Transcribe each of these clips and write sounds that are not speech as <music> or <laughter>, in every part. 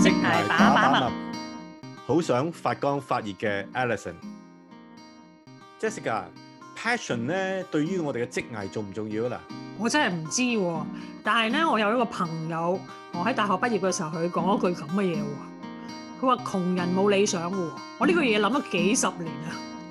職涯打打問，好想發光發熱嘅 Alison、Jessica，passion 咧，對於我哋嘅職涯重唔重要啊？嗱，我真係唔知，但係咧我有一個朋友，我喺大學畢業嘅時候，佢講一句咁嘅嘢，佢話窮人冇理想嘅，我呢個嘢諗咗幾十年啊！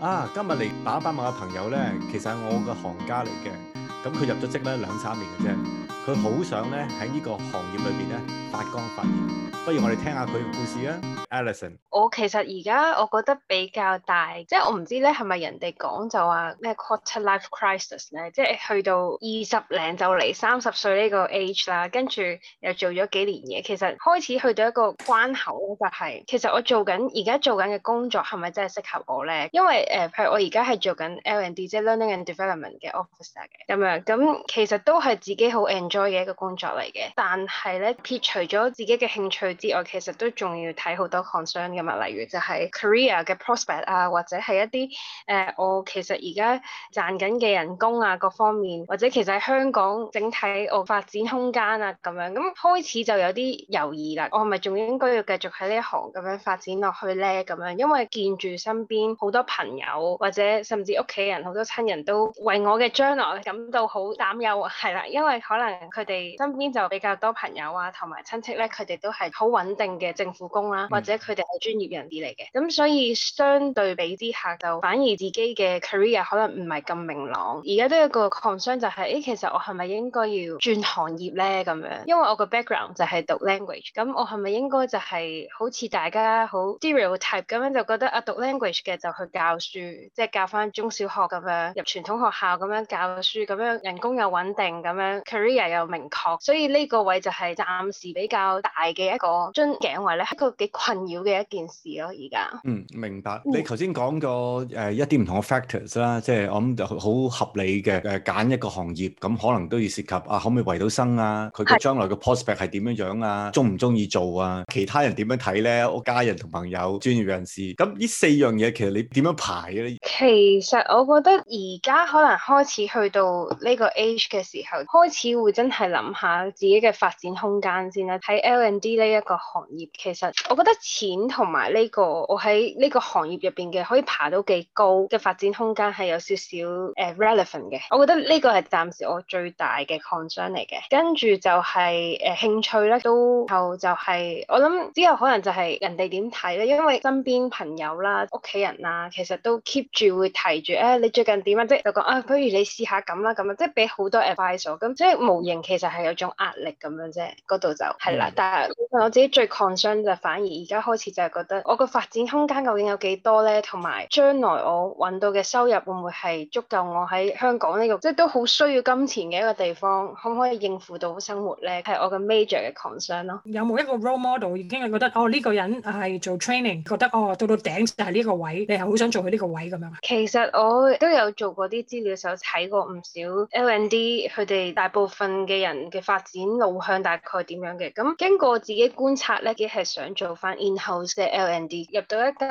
啊，今日嚟打打問嘅朋友咧，其實係我嘅行家嚟嘅，咁佢入咗職咧兩三年嘅啫。佢好想咧喺呢個行業裏邊咧發光發熱，不如我哋聽下佢嘅故事啊，Alison。我其實而家我覺得比較大，即係我唔知咧係咪人哋講就話咩 quarter life crisis 咧，即係去到二十零就嚟三十歲呢個 age 啦，跟住又做咗幾年嘢，其實開始去到一個關口咧，就係、是、其實我做緊而家做緊嘅工作係咪真係適合我咧？因為誒譬如、呃、我而家係做緊 L&D 即係 learning and development 嘅 officer 嘅咁樣，咁其實都係自己好做嘅一個工作嚟嘅，但係咧撇除咗自己嘅興趣之外，其實都仲要睇好多 concern 嘅嘛。例如就係 career 嘅 prospect 啊，或者係一啲誒、呃、我其實而家賺緊嘅人工啊，各方面，或者其實喺香港整體我發展空間啊咁樣。咁開始就有啲猶豫啦，我係咪仲應該要繼續喺呢行咁樣發展落去咧？咁樣，因為見住身邊好多朋友或者甚至屋企人好多親人都為我嘅將來感到好擔憂，係啦，因為可能。佢哋身邊就比較多朋友啊，同埋親戚咧，佢哋都係好穩定嘅政府工啦、啊，嗯、或者佢哋係專業人士嚟嘅，咁所以相對比之下，就反而自己嘅 career 可能唔係咁明朗。而家都有個 concern 就係、是，誒、欸，其實我係咪應該要轉行業呢？咁樣。因為我個 background 就係讀 language，咁我係咪應該就係、是、好似大家好 stereotype 咁樣就覺得啊，讀 language 嘅就去教書，即、就、係、是、教翻中小學咁樣，入傳統學校咁樣教書咁樣，咁樣人工又穩定咁樣，咁樣 career。又明確，所以呢個位就係暫時比較大嘅一個樽頸位咧，係一個幾困擾嘅一件事咯、啊。而家嗯，明白。嗯、你頭先講過誒、呃、一啲唔同嘅 factors 啦，即係我諗就好合理嘅誒，揀、呃、一個行業咁可能都要涉及啊，可唔可以為到生啊？佢嘅將來嘅 prospect 係點樣樣啊？中唔中意做啊？其他人點樣睇咧？我家人同朋友、專業人士，咁呢四樣嘢其實你點樣排咧？其實我覺得而家可能開始去到呢個 age 嘅時候，開始會真。真係諗下自己嘅發展空間先啦、啊。喺 L and D 呢一個行業，其實我覺得錢同埋呢個我喺呢個行業入邊嘅可以爬到幾高嘅發展空間係有少少誒、uh, relevant 嘅。我覺得呢個係暫時我最大嘅 concern 嚟嘅。跟住就係、是、誒、呃、興趣咧，都後就係、是、我諗之後可能就係人哋點睇咧。因為身邊朋友啦、屋企人啦，其實都 keep 住會提住誒、哎、你最近點啊？即係就講、是、啊，不如你試下咁啦，咁啊，即係俾好多 advice 咁，即係。冇嘢。其實係有種壓力咁樣啫，嗰度就係啦。但係我自己最 concern 就反而而家開始就係覺得我個發展空間究竟有幾多咧？同埋將來我揾到嘅收入會唔會係足夠我喺香港呢個即係都好需要金錢嘅一個地方，可唔可以應付到生活咧？係我嘅 major 嘅 concern 咯。有冇一個 role model 已經係覺得哦呢個人係做 training，覺得哦到到頂就係呢個位，你係好想做佢呢個位咁樣啊？其實我都有做過啲資料，有睇過唔少 L&D，佢哋大部分嘅人嘅發展路向大概點樣嘅？咁經過自己觀察咧，既係想做翻 in-house 嘅 L&D，入到一間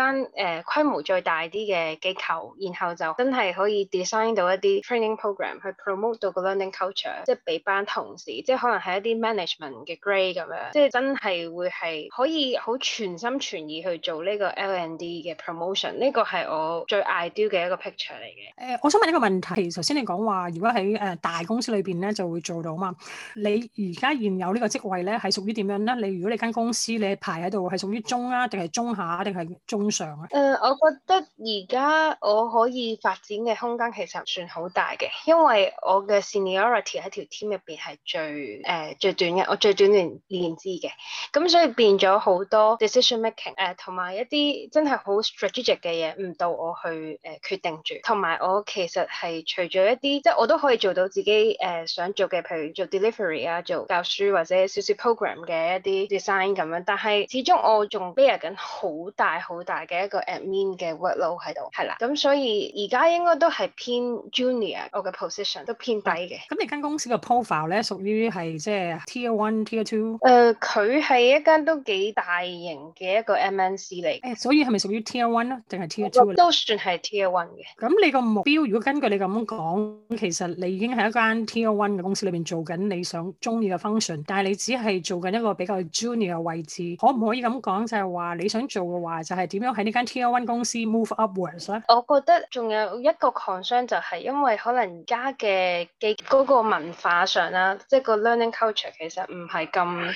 誒規模再大啲嘅機構，然後就真係可以 design 到一啲 training program 去 promote 到個 learning culture，即係俾班同事，即係可能係一啲 management 嘅 grade 咁樣，即係真係會係可以好全心全意去做呢個 L&D 嘅 promotion。呢個係我最 ideal 嘅一個 picture 嚟嘅。誒、呃，我想問一個問題，其實頭先你講話如果喺誒大公司裏邊咧就會做到。話你而家現有呢個職位咧，係屬於點樣咧？你如果你間公司你排喺度係屬於中啊，定係中下，定係中上啊？誒、呃，我覺得而家我可以發展嘅空間其實算好大嘅，因為我嘅 seniority 喺條 team 入邊係最誒、呃、最短嘅，我最短年年資嘅，咁所以變咗好多 decision making 誒、呃，同埋一啲真係好 strategic 嘅嘢唔到我去誒、呃、決定住，同埋我其實係除咗一啲即係我都可以做到自己誒、呃、想做嘅，譬如。做 delivery 啊，做教書或者少少 program 嘅一啲 design 咁樣，但係始終我仲 bear 緊好大好大嘅一個 admin 嘅 workload 喺度，係啦，咁所以而家應該都係偏 junior，我嘅 position 都偏低嘅。咁、啊、你間公司嘅 profile 咧，屬於係即係 tier one、tier two？誒、呃，佢係一間都幾大型嘅一個 MNC 嚟，誒、欸，所以係咪屬於 tier one 啊，定係 tier two 啊？都算係 tier one 嘅。咁你個目標，如果根據你咁講，其實你已經喺一間 tier one 嘅公司裏邊。做緊你想中意嘅 function，但係你只係做緊一個比較 junior 嘅位置，可唔可以咁講就係、是、話你想做嘅話，就係、是、點樣喺呢間 tier one 公司 move upwards 咧？我覺得仲有一個 concern，就係因為可能而家嘅嘅嗰個文化上啦，即、就、係、是、個 learning culture 其實唔係咁。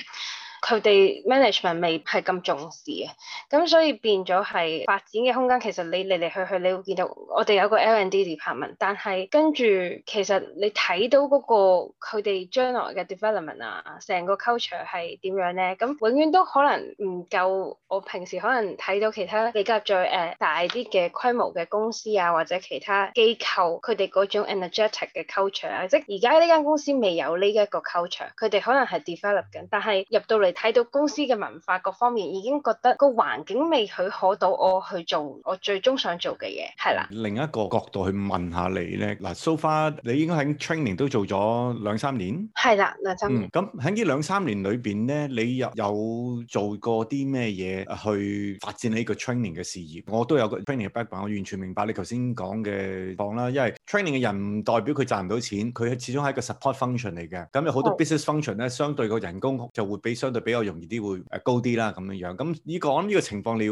佢哋 management 未係咁重視啊，咁所以變咗係發展嘅空間。其實你嚟嚟去去，你會見到我哋有個 L&D department，但係跟住其實你睇到個佢哋將來嘅 development 啊，成個 culture 係點樣咧？咁永遠都可能唔夠我平時可能睇到其他比較在誒大啲嘅規模嘅公司啊，或者其他機構佢哋種 energetic 嘅 culture 啊，即係而家呢間公司未有呢一個 culture，佢哋可能係 develop 緊，但係入到嚟。睇到公司嘅文化各方面，已經覺得個環境未許可到我去做我最終想做嘅嘢，係啦。另一個角度去問下你咧，嗱，So far，你應該喺 training 都做咗兩三年，係啦，兩三。咁喺呢兩三年裏邊咧，你又有做過啲咩嘢去發展你個 training 嘅事業？我都有個 training 嘅 background，我完全明白你頭先講嘅講啦，因為 training 嘅人唔代表佢賺唔到錢，佢始終係一個 support function 嚟嘅。咁有好多 business function 咧，相對個人工就會比相就比較容易啲，會誒高啲啦咁樣樣。咁你講呢個情況了，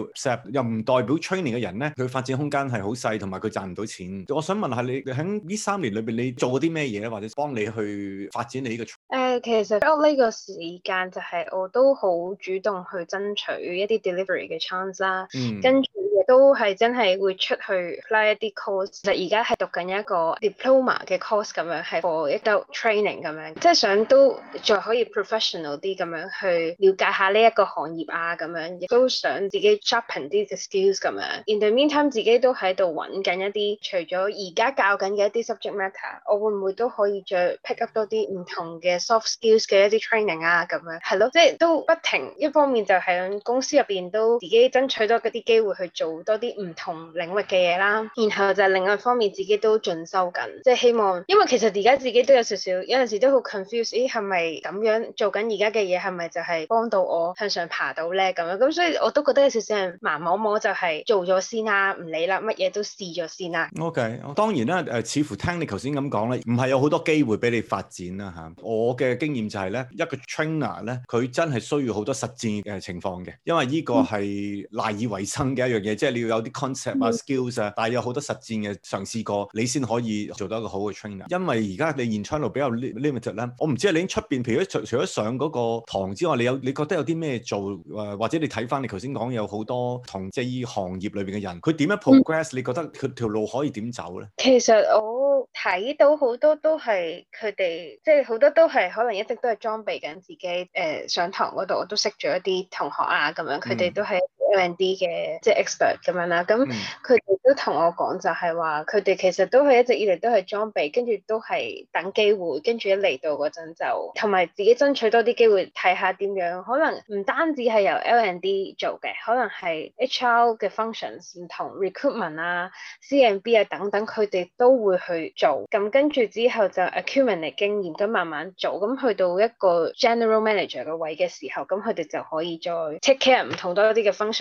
又唔代表 training 嘅人咧，佢發展空間係好細，同埋佢賺唔到錢。我想問下你，你喺呢三年裏面，你做過啲咩嘢，或者幫你去發展你呢個？誒，uh, 其實喺我呢個時間，就係、係、我都好主動去爭取一啲 delivery 嘅 chance 啦。嗯。跟住。都係真係會出去拉一啲 course，就而家係讀緊一個 diploma 嘅 course 咁樣，係做一個 training 咁樣，即係想都再可以 professional 啲咁樣去了解下呢一個行業啊咁樣，亦都想自己 sharpen 啲嘅 skills 咁樣，i 對面 t i m e 自己都喺度揾緊一啲，除咗而家教緊嘅一啲 subject matter，我會唔會都可以再 pick up 多啲唔同嘅 soft skills 嘅一啲 training 啊咁樣，係咯，即係都不停一方面就喺公司入邊都自己爭取多啲機會去做。好多啲唔同領域嘅嘢啦，然後就另外一方面自己都進修緊，即係希望，因為其實而家自己都有少少有陣時都好 confused，咦係咪咁樣做緊而家嘅嘢係咪就係幫到我向上爬到呢？咁樣咁，所以我都覺得有少少係盲摸摸就係做咗先啦、啊，唔理啦，乜嘢都試咗先啦、啊。OK，當然啦，誒、呃、似乎聽你頭先咁講呢，唔係有好多機會俾你發展啦嚇？我嘅經驗就係、是、呢一個 trainer 呢，佢真係需要好多實戰嘅情況嘅，因為呢個係賴以為生嘅一樣嘢。嗯即係你要有啲 concept 啊，skills 啊，但係有好多實戰嘅嘗試過，你先可以做到一個好嘅 trainer。因為而家你現場路比較 limited 咧，我唔知你喺出邊，譬如除除咗上嗰個堂之外，你有你覺得有啲咩做，或者你睇翻你頭先講有好多同製衣行業裏邊嘅人，佢點樣 progress？、嗯、你覺得佢條路可以點走咧？其實我睇到好多都係佢哋，即係好多都係可能一直都係裝備緊自己。誒、呃，上堂嗰度我都識咗一啲同學啊，咁樣佢哋都係。嗯 L and D 嘅即係、就是、expert 咁樣啦，咁佢哋都同我講就係話佢哋其實都係一直以嚟都係裝備，跟住都係等機會，跟住一嚟到嗰陣就，同埋自己爭取多啲機會睇下點樣，可能唔單止係由 L and D 做嘅，可能係 H R 嘅 functions 唔同 recruitment 啊、C and B 啊等等，佢哋都會去做。咁跟住之後就 accumulate 經驗，都慢慢做。咁去到一個 general manager 嘅位嘅時候，咁佢哋就可以再 take care 唔同多啲嘅 function。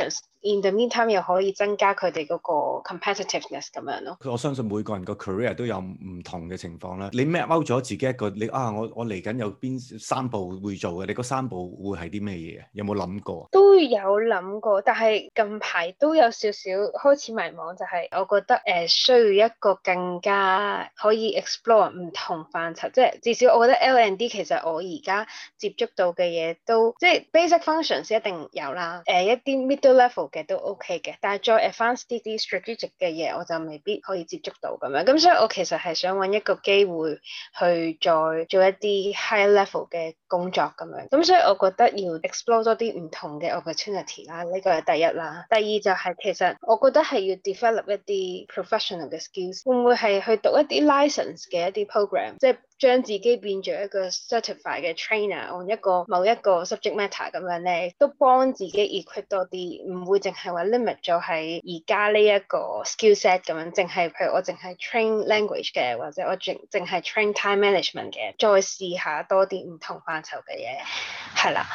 In the meantime 又可以增加佢哋嗰個 competitiveness 咁樣咯。我相信每個人個 career 都有唔同嘅情況啦。你 map out 咗自己一個你啊，我我嚟緊有邊三步會做嘅？你嗰三步會係啲咩嘢？有冇諗過？都有諗過，但係近排都有少少開始迷茫，就係我覺得誒、呃、需要一個更加可以 explore 唔同範疇，即係至少我覺得 L and D 其實我而家接觸到嘅嘢都即係 basic functions 一定有啦。誒、呃、一啲高 level 嘅都 OK 嘅，但係再 advanced 啲啲、strategic 嘅嘢我就未必可以接觸到咁樣。咁所以我其實係想搵一個機會去再做一啲 high level 嘅工作咁樣。咁所以我覺得要 explore 多啲唔同嘅 opportunity 啦，呢、呢個係第一啦。第二就係、係、其實我覺得係要 develop 一啲 professional 嘅 skills，會唔會係去讀一啲 license 嘅一啲 program，即係。將自己變做一個 certified 嘅 trainer，按一個某一個 subject matter 咁樣咧，都幫自己 equip 多啲，唔會淨係話 limit 咗喺而家呢一個 skillset 咁樣，淨係譬如我淨係 train language 嘅，或者我淨淨係 train time management 嘅，再試下多啲唔同範疇嘅嘢，係啦。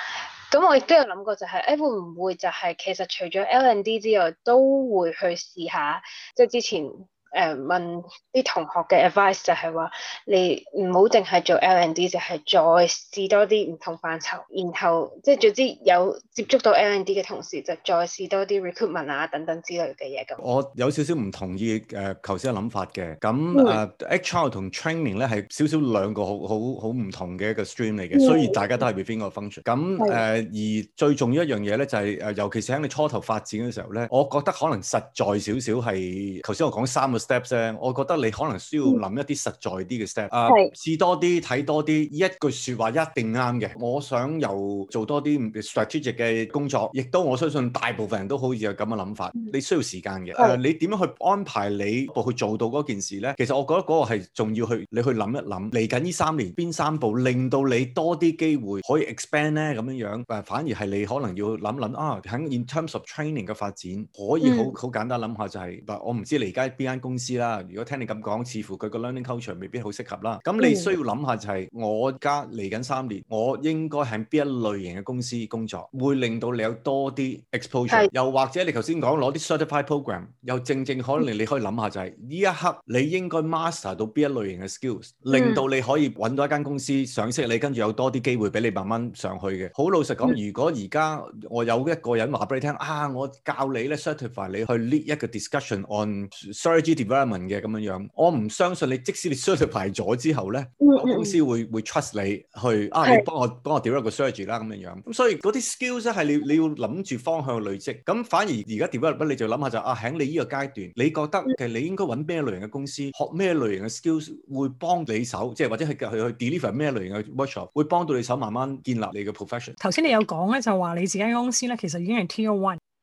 咁我亦都有諗過就係，誒會唔會就係其實除咗 L&D 之外，都會去試下，即係之前。誒、呃、問啲同學嘅 advice 就係話你唔好淨係做 L&D 就係再試多啲唔同範疇，然後即係總之有接觸到 L&D 嘅同事，就再試多啲 recruitment 啊等等之類嘅嘢咁。我有少少唔同意誒頭先嘅諗法嘅，咁誒 HR 同 training 咧係少少兩個好好好唔同嘅一個 stream 嚟嘅，的所以大家都係 behind 個 function。咁誒的、呃、而最重要一樣嘢咧就係、是、誒，尤其是喺你初頭發展嘅時候咧，我覺得可能實在少少係頭先我講三個。steps 我覺得你可能需要諗一啲實在啲嘅 step，係試多啲，睇多啲。呢一句説話一定啱嘅。我想又做多啲 strategic 嘅工作，亦都我相信大部分人都好似有咁嘅諗法。嗯、你需要時間嘅，嗯 uh，你點樣去安排你部去做到嗰件事呢？其實我覺得嗰個係仲要去，你去諗一諗。嚟緊呢三年邊三步令到你多啲機會可以 expand 呢？咁樣樣，反而係你可能要諗諗啊，喺 in terms of training 嘅發展可以好好、嗯、簡單諗下就係、是、嗱，我唔知你而家邊間公司啦，如果聽你咁講，似乎佢個 learning culture 未必好適合啦。咁你需要諗下就係、是嗯、我家嚟緊三年，我應該喺邊一類型嘅公司工作，會令到你有多啲 exposure。是又或者你頭先講攞啲 certified program，又正正可能你可以諗下就係、是、呢、嗯、一刻你應該 master 到邊一類型嘅 skills，令到你可以揾到一間公司賞識你，跟住有多啲機會俾你慢慢上去嘅。好老實講，嗯、如果而家我有一個人話俾你聽啊，我教你咧 certify 你去 lead 一個 discussion on strategy。development 嘅咁樣樣，我唔相信你，即使你 certify 咗之後咧， <laughs> 公司會會 trust 你去啊，是你幫我幫我 develop 個 surge 啦咁樣樣。咁所以嗰啲 skills 係你你要諗住方向累積。咁反而而家 develop 你就諗下就啊，喺你呢個階段，你覺得其實 <laughs> 你應該揾咩一類型嘅公司，學咩類型嘅 skills 會幫你手，即係或者係去去 deliver 咩類型嘅 workshop 會幫到你手，慢慢建立你嘅 profession。頭先你有講咧，就話你自己公司咧，其實已經係 Tier One。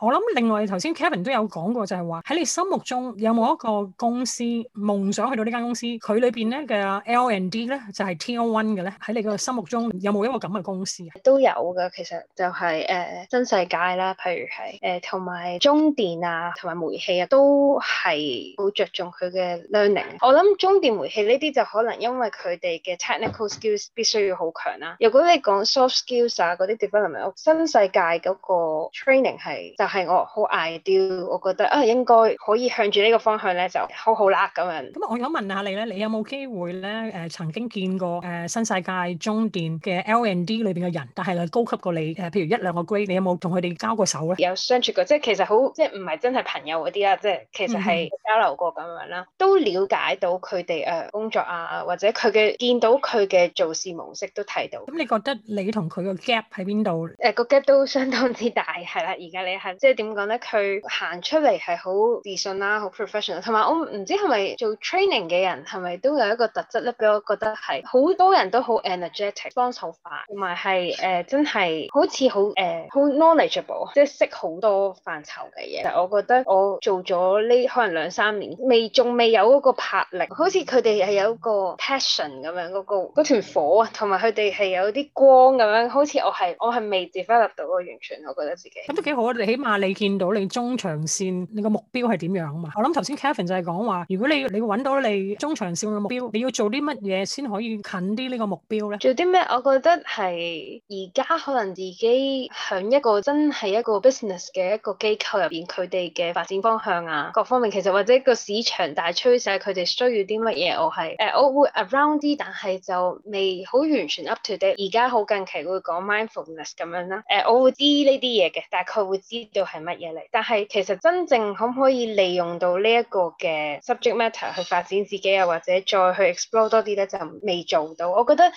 我諗另外頭先 Kevin 都有講過就，就係話喺你心目中有冇一個公司夢想去到呢間公司？佢裏邊咧嘅 L&D 咧就係、是、T O one 嘅咧？喺你個心目中有冇一個咁嘅公司啊？都有㗎，其實就係、是、誒、呃、新世界啦，譬如係誒同埋中電啊，同埋煤氣啊，都係好着重佢嘅 learning。我諗中電煤氣呢啲就可能因為佢哋嘅 technical skills 必須要好強啦、啊。如果你講 soft skills 啊嗰啲 development，新世界嗰個 training 係係我好矮啲，al，我覺得啊應該可以向住呢個方向咧就好好啦咁樣。咁啊，我想問下你咧，你有冇機會咧誒、呃、曾經見過誒、呃、新世界中電嘅 L&D 裏邊嘅人，但係佢高級過你誒、呃，譬如一兩個 grade，你有冇同佢哋交過手咧？有相處過，即係其實好，即係唔係真係朋友嗰啲啦，即係其實係交流過咁樣啦，嗯、都了解到佢哋誒工作啊，或者佢嘅見到佢嘅做事模式都睇到。咁你覺得你同佢、啊嗰個 gap 喺邊度？誒個 gap 都相當之大，係啦，而家你喺。即係點講咧？佢行出嚟係好自信啦、啊，好 professional。同埋我唔知係咪做 training 嘅人係咪都有一個特質咧，俾我覺得係好多人都好 energetic，幫手快，同埋係誒真係好似好誒好、呃、knowledgeable，即係識好多範疇嘅嘢。但我覺得我做咗呢可能兩三年，未仲未有嗰個魄力，好似佢哋係有個 passion 咁樣，嗰、嗰個嗰團火，同埋佢哋係有啲光咁樣，好似我係我係未 develop 到，完全我覺得自己咁都幾好啊！你起碼啊！你見到你中長線你個目標係點樣啊？嘛，我諗頭先 Kevin 就係講話，如果你你要搵到你中長線嘅目標，你要做啲乜嘢，先可以近啲呢個目標咧？做啲咩？我覺得係而家可能自己響一個真係一個 business 嘅一個機構入邊，佢哋嘅發展方向啊，各方面其實或者個市場大趨勢佢哋需要啲乜嘢？我係誒、呃、我會 around 啲，但係就未好完全 up to date。而家好近期會講 mindfulness 咁樣啦。誒、呃、我會知呢啲嘢嘅，大概會知。到係乜嘢嚟？但係其實真正可唔可以利用到呢一個嘅 subject matter 去發展自己啊，或者再去 explore 多啲咧，就未做到。我覺得呢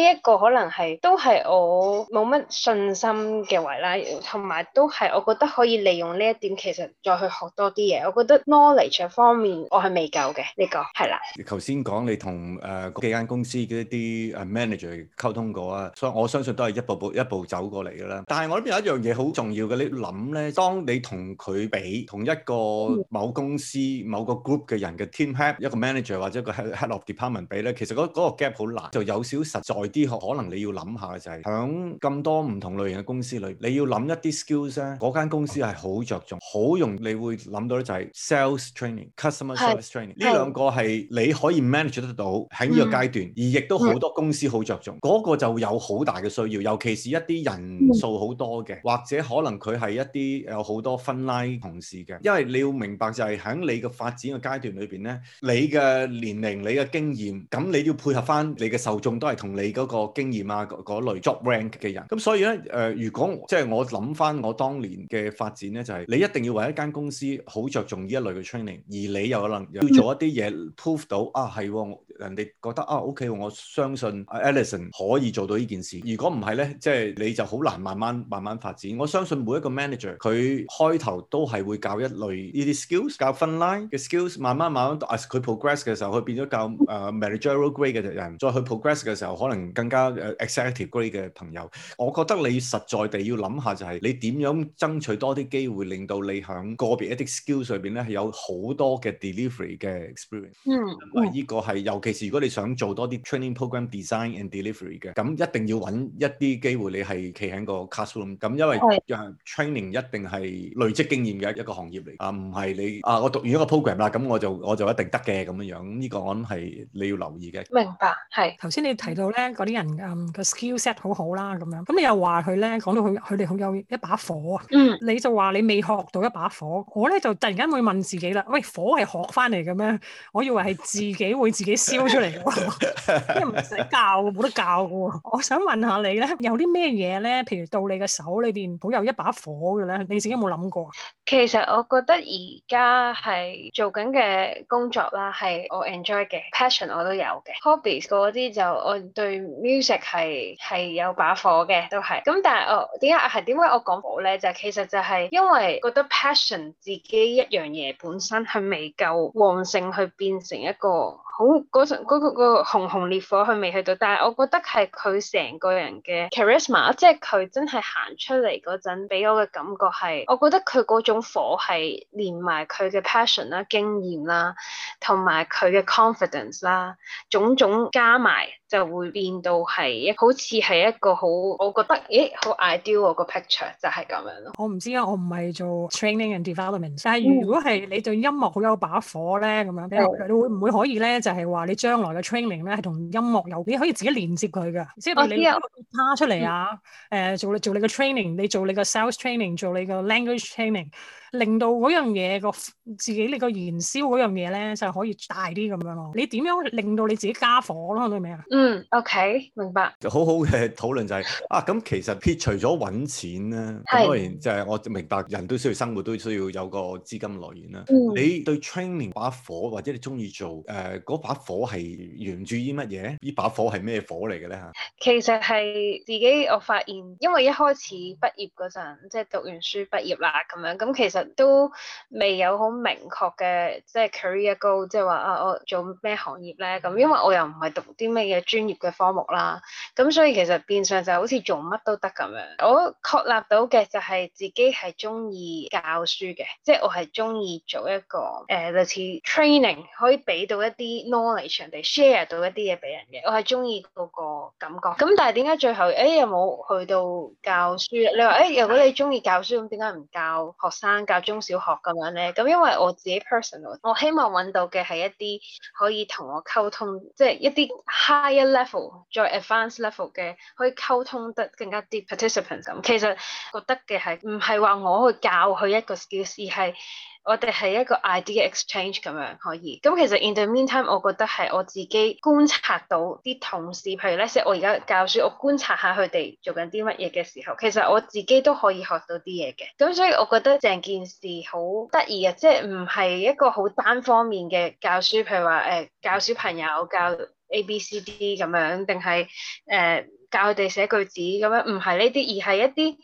一個可能係都係我冇乜信心嘅位啦，同埋都係我覺得可以利用呢一點，其實再去學多啲嘢。我覺得 knowledge 方面我係未夠嘅呢、呢個係啦。頭先講你同誒、呃、幾間公司嘅一啲 manager 溝通過啊，所以我相信都係一步步一步走過嚟噶啦。但係我諗有一樣嘢好重要嘅，你諗。當你同佢比，同一個某公司某個 group 嘅人嘅 team head 一個 manager 或者一個 head head of department 比咧，其實嗰嗰個 gap 好難，就有少實在啲，可能你要諗下就係響咁多唔同類型嘅公司裏，你要諗一啲 skills 咧，間公司係好着重，好容易你會諗到咧就係 sales training 是、customer service training。呢兩個係你可以 manage 得到喺呢個階段，嗯、而亦都好多公司好着重個、嗰個就會有好大嘅需要，尤其是一啲人數好多嘅，或者可能佢係一啲。有好多分拉同事嘅，因為你要明白就係響你嘅發展嘅階段裏邊咧，你嘅年齡、你嘅經驗，咁你要配合翻你嘅受眾都係同你嗰個經驗啊嗰類 job rank 嘅人，咁所以咧誒、呃，如果即係、就是、我諗翻我當年嘅發展咧，就係、是、你一定要為一間公司好着重呢一類嘅 training，而你又可能要做一啲嘢 prove 到啊係。人哋覺得啊，OK，我相信 Alison 可以做到呢件事。如果唔係咧，即係你就好難慢慢慢慢發展。我相信每一個 manager 佢開頭都係會教一類呢啲 skills，教 front line 嘅 skills。慢慢慢慢，as 佢 progress 嘅時候，佢變咗教誒、uh, managerial grade 嘅人。再佢 progress 嘅時候，可能更加 executive grade 嘅朋友。我覺得你實在地要諗下、就是，就係你點樣爭取多啲機會，令到你喺個別一啲 skills 上邊咧，係有好多嘅 delivery 嘅 experience。嗯、mm，依、hmm. 個係又。其實如果你想做多啲 training program design and delivery 嘅，咁一定要揾一啲機會，你係企喺個 classroom。咁因為樣 training 一定係累積經驗嘅一個行業嚟啊，唔係你啊，我讀完一個 program 啦，咁我就我就一定得嘅咁樣樣。呢、這個我諗係你要留意嘅。明白，係頭先你提到咧，嗰啲人嘅 skill set 好好啦，咁樣咁你又話佢咧講到佢佢哋好有一把火啊。你就話你未學到一把火，我咧就突然間會問自己啦，喂，火係學翻嚟嘅咩？我以為係自己會自己燒 <laughs> 出嚟唔使教，冇得教嘅 <laughs> 我想問下你咧，有啲咩嘢咧？譬如到你嘅手裏邊，好有一把火嘅咧，你自己有冇諗過啊？其實我覺得而家係做緊嘅工作啦，係我 enjoy 嘅，passion 我都有嘅。hobbies 嗰啲就我對 music 係係有把火嘅，都係。咁但係我點解係點解我講火咧？就是，其實就係因為覺得 passion 自己一樣嘢本身係未夠旺盛，去變成一個。好嗰陣嗰個、那個熊熊、那個、烈火佢未去到，但係我覺得係佢成個人嘅 charisma，即係佢真係行出嚟嗰陣俾我嘅感覺係，我覺得佢嗰種火係連埋佢嘅 passion 啦、經驗啦，同埋佢嘅 confidence 啦，種種加埋就會變到係一好似係一個好，我覺得咦好、欸、ideal 個 picture 就係咁樣咯。我唔知啊，我唔係做 training and development，但係如果係你對音樂好有把火咧，咁樣你會唔會可以咧？就係話你將來嘅 training 咧，係同音樂有啲可以自己連接佢嘅，即係你攞出嚟啊！誒、嗯，做你做你嘅 training，你做你嘅 sales training，做你嘅 language training，令到嗰樣嘢個自己你個燃燒嗰樣嘢咧，就可以大啲咁樣咯。你點樣令到你自己加火咯？對未啊？嗯，OK，明白。好好嘅討論就係、是、啊，咁其實撇除咗揾錢咧，當然就係我明白人都需要生活，都需要有個資金來源啦。嗯、你對 training 把火，或者你中意做誒、呃嗰把火係源自於乜嘢？呢把火係咩火嚟嘅咧？嚇，其實係自己，我發現，因為一開始畢業嗰陣，即係讀完書畢業啦，咁樣咁，其實都未有好明確嘅，即係 career goal，即係話啊，我做咩行業咧？咁因為我又唔係讀啲咩嘅專業嘅科目啦，咁所以其實變相就好似做乜都得咁樣。我確立到嘅就係自己係中意教書嘅，即係我係中意做一個誒、呃、類似 training，可以俾到一啲。knowledge 場地 share 到一啲嘢俾人嘅，我係中意嗰個感覺。咁但係點解最後誒、哎、有冇去到教書？你話誒、哎，如果你中意教書，咁點解唔教學生教中小學咁樣咧？咁因為我自己 personal，我希望揾到嘅係一啲可以同我溝通，即、就、係、是、一啲 higher level 再 advanced level 嘅可以溝通得更加啲 participants 咁。其實覺得嘅係唔係話我去教佢一個 skills，而係。我哋係一個 idea exchange 咁樣可以，咁其實 in the meantime，我覺得係我自己觀察到啲同事，譬如咧，即我而家教書，我觀察下佢哋做緊啲乜嘢嘅時候，其實我自己都可以學到啲嘢嘅。咁所以我覺得成件事好得意呀，即係唔係一個好單方面嘅教書，譬如話誒教小朋友教 A B C D 咁樣，定係誒教佢哋寫句子咁樣，唔係呢啲，而係一啲。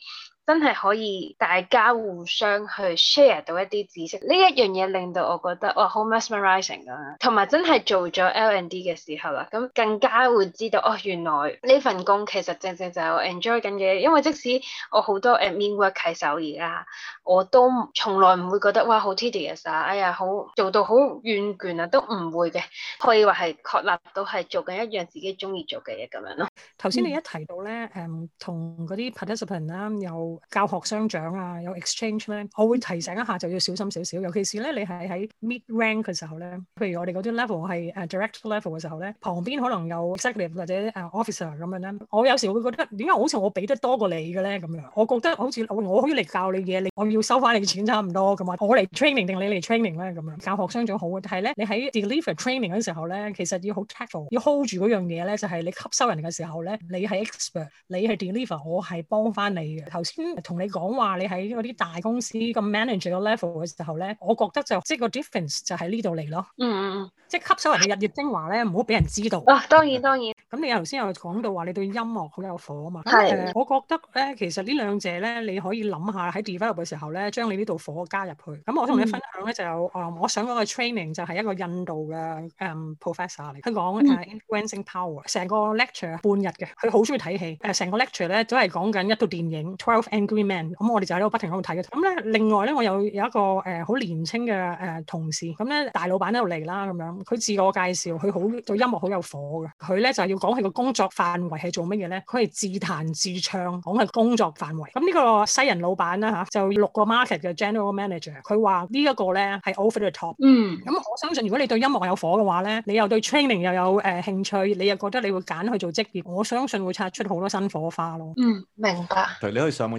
真係可以大家互相去 share 到一啲知識，呢一樣嘢令到我覺得哇好 mesmerizing 噶，同埋真係做咗 L&D 嘅時候啦，咁更加會知道哦，原來呢份工其實正正正就我 enjoy 緊嘅，因為即使我好多 admin work 喺手而家，我都從來唔會覺得哇好 tedious 啊，哎呀好做到好厭倦啊，都唔會嘅，可以話係確立到係做緊一樣自己中意做嘅嘢咁樣咯。頭先你一提到咧，誒同嗰啲 participant 啦有。教學相長啊，有 exchange 咧，我會提醒一下，就要小心少少。尤其是咧，你係喺 mid rank 嘅時候咧，譬如我哋嗰啲 level 係誒 direct level 嘅時候咧，旁邊可能有 executive 或者誒 officer 咁樣咧，我有時會覺得點解好似我俾得多過你嘅咧咁樣？我覺得好似我可以嚟教你嘢，你我要收翻你嘅錢差唔多咁啊！我嚟 training 定你嚟 training 咧咁樣？教學相長好嘅，但係咧，你喺 deliver training 嗰陣時候咧，其實要好 tackle，要 hold 住嗰樣嘢咧，就係你吸收人嘅時候咧，你係 expert，你係 deliver，我係幫翻你嘅。頭先，同你講話，你喺嗰啲大公司咁 manager 個 level 嘅時候咧，我覺得就即係個 difference 就喺呢度嚟咯。嗯嗯嗯，即係吸收人哋日月精華咧，唔好俾人知道。啊，當然當然。咁你頭先又講到話你對音樂好有火啊嘛。係。我覺得咧，其實呢兩者咧，你可以諗下喺 develop 嘅時候咧，將你呢度火加入去。咁我同你分享咧就有誒，我想講嘅 training 就係一個印度嘅誒 professor 嚟，佢講誒 influencing power，成個 lecture 半日嘅，佢好中意睇戲。誒，成個 lecture 咧，都係講緊一套電影 Twelve Angry Man，咁我哋就喺度不停喺度睇嘅。咁咧，另外咧，我有有一個誒好、呃、年青嘅誒同事，咁、呃、咧大老闆喺度嚟啦，咁樣佢自我介紹，佢好對音樂好有火嘅。佢咧就係要講佢個工作範圍係做乜嘢咧？佢係自彈自唱，講係工作範圍。咁呢個西人老闆啦嚇、啊，就六個 market 嘅 general manager，佢話呢一個咧係 over the top。Mm. 嗯。咁我相信如果你對音樂有火嘅話咧，你又對 training 又有誒、呃、興趣，你又覺得你會揀去做職業，我相信會擦出好多新火花咯。嗯，mm, 明白。你可以上網。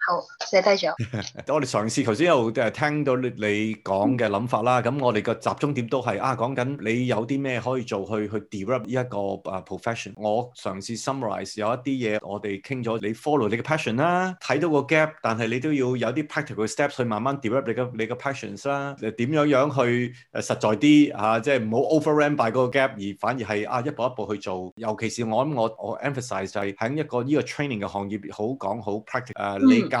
Oh, 寫低咗。 <laughs> 我哋嘗試頭先又誒聽到你你講嘅諗法啦。咁、嗯、我哋個集中點都係啊，講緊你有啲咩可以做去去 develop 呢一個啊 profession。a l 我嘗試 summarize 有一啲嘢我哋傾咗。你 follow 你嘅 passion 啦、啊，睇到個 gap，但係你都要有啲 practical steps 去慢慢 develop 你嘅你嘅 passions 啦、啊。誒點樣樣去誒實在啲嚇，即係唔好 overrun by 嗰個 gap，而反而係啊一步一步去做。尤其是我咁，我我 emphasize 就係喺一個呢、呢個 training 嘅行業好講好 practical 誒、啊嗯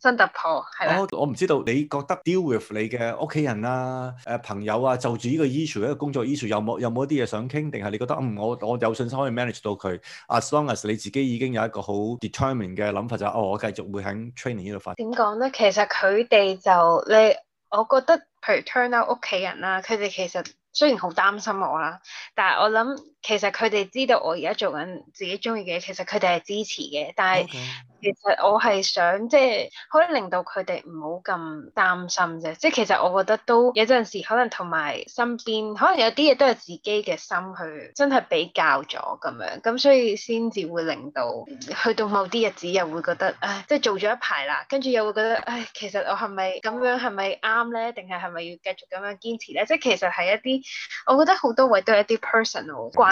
新突破係咯，oh, 我唔知道你覺得 deal with 你嘅屋企人啊，誒、呃、朋友啊，就住呢個 issue 一、這個工作 issue 有冇有冇一啲嘢想傾，定係你覺得嗯我我有信心可以 manage 到佢，as long as 你自己已經有一個好 determined 嘅諗法就係、是、哦我繼續會喺 training 呢度發展。點講咧？其實佢哋就你，我覺得譬如 turn out 到屋企人啦、啊，佢哋其實雖然好擔心我啦、啊，但係我諗。其實佢哋知道我而家做緊自己中意嘅嘢，其實佢哋係支持嘅。但係其實我係想即係可以令到佢哋唔好咁擔心啫。即係其實我覺得都有陣時可能同埋身邊可能有啲嘢都係自己嘅心去真係比較咗咁樣，咁所以先至會令到去到某啲日子又會覺得，唉，即係做咗一排啦，跟住又會覺得，唉，其實我係咪咁樣係咪啱咧？定係係咪要繼續咁樣堅持咧？即係其實係一啲我覺得好多位都係一啲 personal 關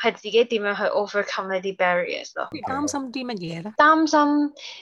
係自己點樣去 overcome 呢啲 barriers 咯？擔心啲乜嘢咧？擔心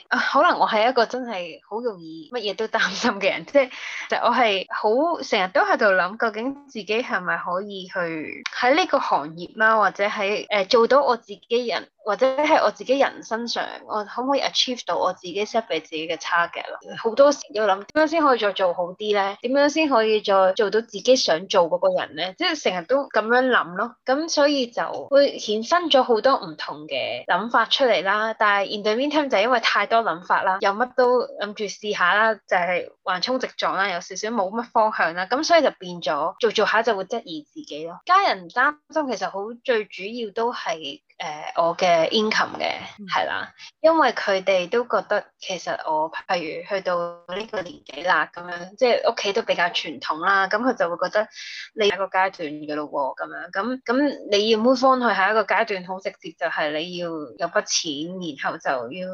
啊、呃，可能我係一個真係好容易乜嘢都擔心嘅人，即係其實我係好成日都喺度諗，究竟自己係咪可以去喺呢個行業啦，或者喺誒、呃、做到我自己人，或者係我自己人身上，我可唔可以 achieve 到我自己 set 俾自己嘅 target 啦？好多時要諗點樣先可以再做好啲咧，點樣先可以再做到自己想做嗰個人咧？即係成日都咁樣諗咯，咁所以就。會衍生咗好多唔同嘅諗法出嚟啦，但係 in the meantime 就因為太多諗法啦，又乜都諗住試下啦，就係、是、橫衝直撞啦，有少少冇乜方向啦，咁所以就變咗做做下就會質疑自己咯。家人擔心其實好最主要都係。誒、uh, 我嘅 income 嘅係啦，因為佢哋都覺得其實我譬如去到呢個年紀啦，咁樣，即係屋企都比較傳統啦，咁佢就會覺得你喺個階段嘅咯喎咁樣，咁咁你要 move on 去下一個階段，好直接就係你要有筆錢，然後就要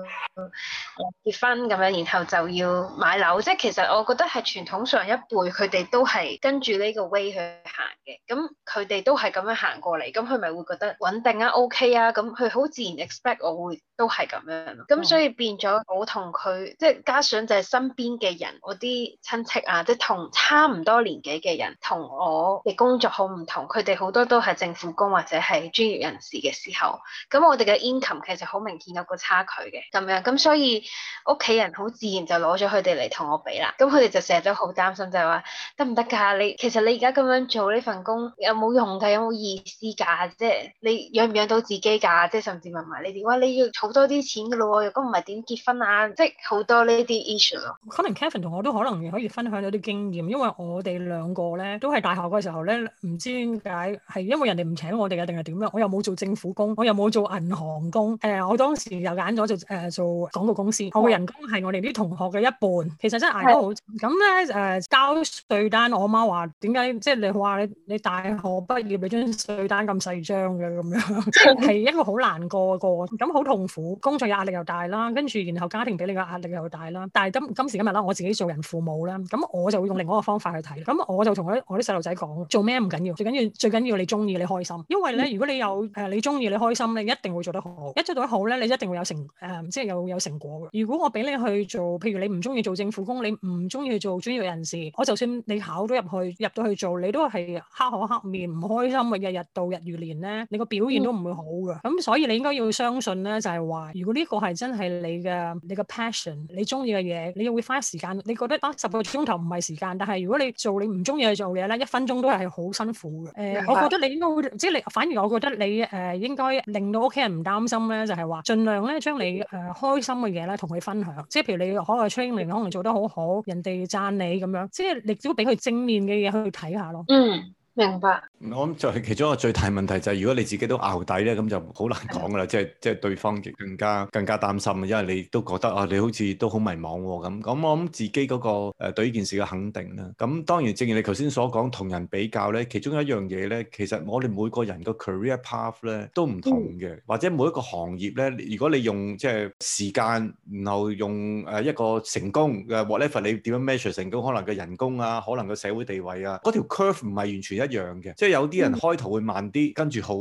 結婚咁樣，然後就要買樓，即係其實我覺得係傳統上一輩佢哋都係跟住呢個 way 去行嘅，咁佢哋都係咁樣行過嚟，咁佢咪會覺得穩定啊 OK。啊，咁佢好自然 expect 我會都係咁樣咯，咁、嗯、所以變咗我同佢即係加上就係身邊嘅人，我啲親戚啊，即係同差唔多年紀嘅人，同我嘅工作好唔同，佢哋好多都係政府工或者係專業人士嘅時候，咁我哋嘅 income 其實好明顯有個差距嘅咁樣，咁所以屋企人好自然就攞咗佢哋嚟同我比啦，咁佢哋就成日都好擔心就係話得唔得㗎？你其實你而家咁樣做呢份工有冇用㗎？有冇意思㗎？即係你養唔養到自己？嘅㗎，即係甚至問埋你點解你要儲多啲錢㗎咯，如果唔係點結婚啊？即係好多呢啲 issue 咯。可能 Kevin 同我都可能可以分享到啲經驗，因為我哋兩個咧都係大學嘅時候咧，唔知點解係因為人哋唔請我哋啊，定係點樣？我又冇做政府工，我又冇做銀行工，誒、呃，我當時又揀咗做誒、呃、做廣告公司，我嘅人工係我哋啲同學嘅一半，其實真係捱得好。咁咧誒，交稅單，我媽話點解即係你話你你大學畢業你張稅單咁細張嘅咁樣？ <laughs> 一個好難過過，咁好痛苦，工作嘅壓力又大啦，跟住然後家庭俾你嘅壓力又大啦。但係今今時今日啦，我自己做人父母啦，咁我就會用另外一個方法去睇。咁我就同我啲我啲細路仔講，做咩唔緊要，最緊要最緊要你中意你開心。因為咧，如果你有誒你中意你開心，你一定會做得好。一做到好咧，你一定會有成誒、呃，即係有有成果嘅。如果我俾你去做，譬如你唔中意做政府工，你唔中意做專業人士，我就算你考咗入去入到去做，你都係黑口黑面唔開心啊，日日度日如年咧，你個表現都唔會好。嗯咁、嗯、所以你應該要相信咧，就係、是、話，如果呢個係真係你嘅，你嘅 passion，你中意嘅嘢，你又會花時間。你覺得啊，十個鐘頭唔係時間，但係如果你做你唔中意去做嘢咧，一分鐘都係好辛苦嘅。誒、呃，我覺得你應該會，即係你反而我覺得你誒、呃，應該令到屋企人唔擔心咧，就係話盡量咧將你誒、呃、開心嘅嘢咧同佢分享。即係譬如你可能 training 可能做得好好，人哋讚你咁樣，即係你只要俾佢正面嘅嘢去睇下咯。嗯。明白。我諗就係其中一個最大問題就係如果你自己都拗底咧，咁就好難講噶啦。即係即係對方亦更加更加擔心，因為你都覺得啊，你好似都好迷茫喎咁。咁、嗯、我諗自己嗰、嗰個誒、呃、對呢件事嘅肯定啦。咁、嗯、當然正如你頭先所講，同人比較咧，其中一樣嘢咧，其實我哋每個人個 career path 咧都唔同嘅，嗯、或者每一個行業咧，如果你用即係、即係、時間，然後用誒一個成功嘅 whatever，你點樣 measure 成功，可能嘅人工啊，可能嘅社會地位啊，嗰條 curve 唔係完全一一樣嘅，即係有啲人開頭會慢啲，嗯、跟住好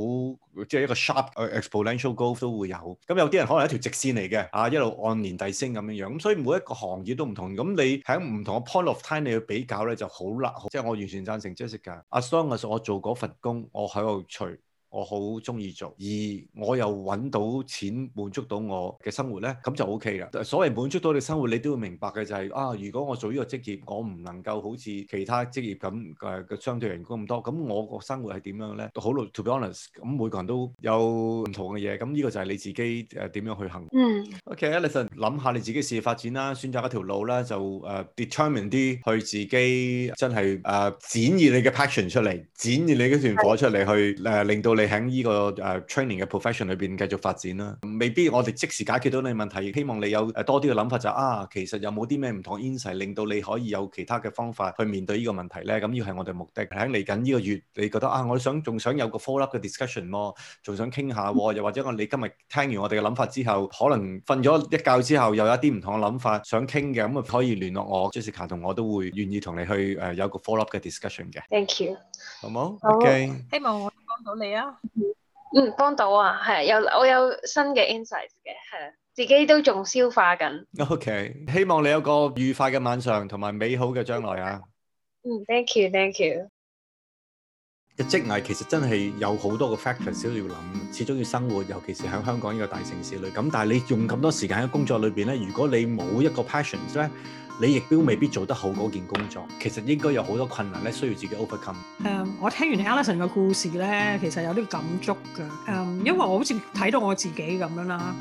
即係一個 sharp exponential growth 都會有。咁有啲人可能一條直線嚟嘅，啊一路按年遞升咁樣樣。咁所以每一個行業都唔同。咁你喺唔同嘅 point of time 你去比較咧就好難。即係我完全贊成 Jessica 阿 Song 我做嗰份工，我喺度吹。我好中意做，而我又揾到錢滿足到我嘅生活咧，咁就 O K 啦。所謂滿足到你生活，你都要明白嘅就係啊，如果我做呢個職業，我唔能夠好似其他職業咁誒嘅相對人工咁多，咁我個生活係點樣咧？好，to be honest。咁每個人都有唔同嘅嘢，咁呢個就係你自己誒點樣去行。嗯，O K，Alison，諗下你自己事業發展啦，選擇一條路啦，就誒 determine 啲去自己真係誒展現你嘅 passion 出嚟，展現你嘅團火出嚟，去誒令到你。你喺呢個誒、uh, training 嘅 profession 裏邊繼續發展啦，未必我哋即時解決到你問題，希望你有誒多啲嘅諗法就是、啊，其實有冇啲咩唔同 insight 令到你可以有其他嘅方法去面對呢個問題咧？咁要係我哋目的喺嚟緊呢個月，你覺得啊，我想仲想有個 follow up 嘅 discussion 喎，仲想傾下，又、呃、或者我你今日聽完我哋嘅諗法之後，可能瞓咗一覺之後又有一啲唔同嘅諗法想傾嘅，咁、嗯、啊可以聯絡我 Jessica Thank you .同我都會願意同你去誒、uh, 有個 follow up 嘅 discussion 嘅。Thank you，好唔嗎好，o Okay . k 希望我。幫到你啊！嗯，幫到啊，係有我有新嘅 insights 嘅，係自己都仲消化緊。OK，希望你有個愉快嘅晚上同埋美好嘅將來啊！嗯，thank you，thank you。嘅職涯其實真係有好多嘅 factor 都要諗，始終要生活，尤其是喺香港呢個大城市裏咁。但係你用咁多時間喺工作裏邊咧，如果你冇一個 passions 咧。你亦都未必做得好嗰件工作，其實應該有好多困難咧，需要自己 overcome。誒、嗯，我聽完 Alison 嘅故事咧，其實有啲感觸嘅。誒、嗯，因為我好似睇到我自己咁樣啦。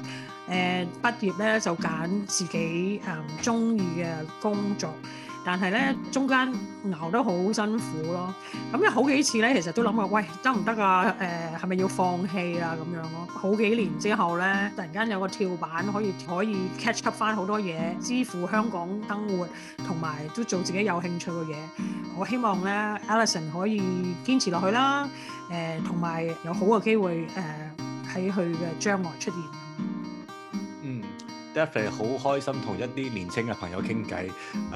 誒、呃，畢業咧就揀自己誒鍾意嘅工作。但係咧，嗯、中間熬得好辛苦咯。咁、嗯、有好幾次咧，其實都諗過，喂，得唔得啊？誒、呃，係咪要放棄啊？咁樣咯。好幾年之後咧，突然間有個跳板，可以可以 catch up 翻好多嘢，支付香港生活，同埋都做自己有興趣嘅嘢。我希望咧，Alison 可以堅持落去啦。誒、呃，同埋有，有好嘅機會，誒喺佢嘅將來出現。David 好開心同一啲年輕嘅朋友傾偈，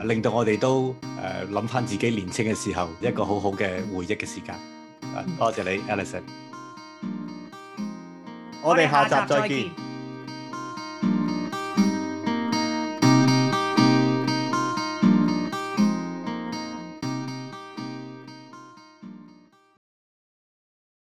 令到我哋都誒諗返自己年輕嘅時候一個好好嘅回憶嘅時間。 <music> 多謝你，Alison， <music> 我哋下集再見。 <music>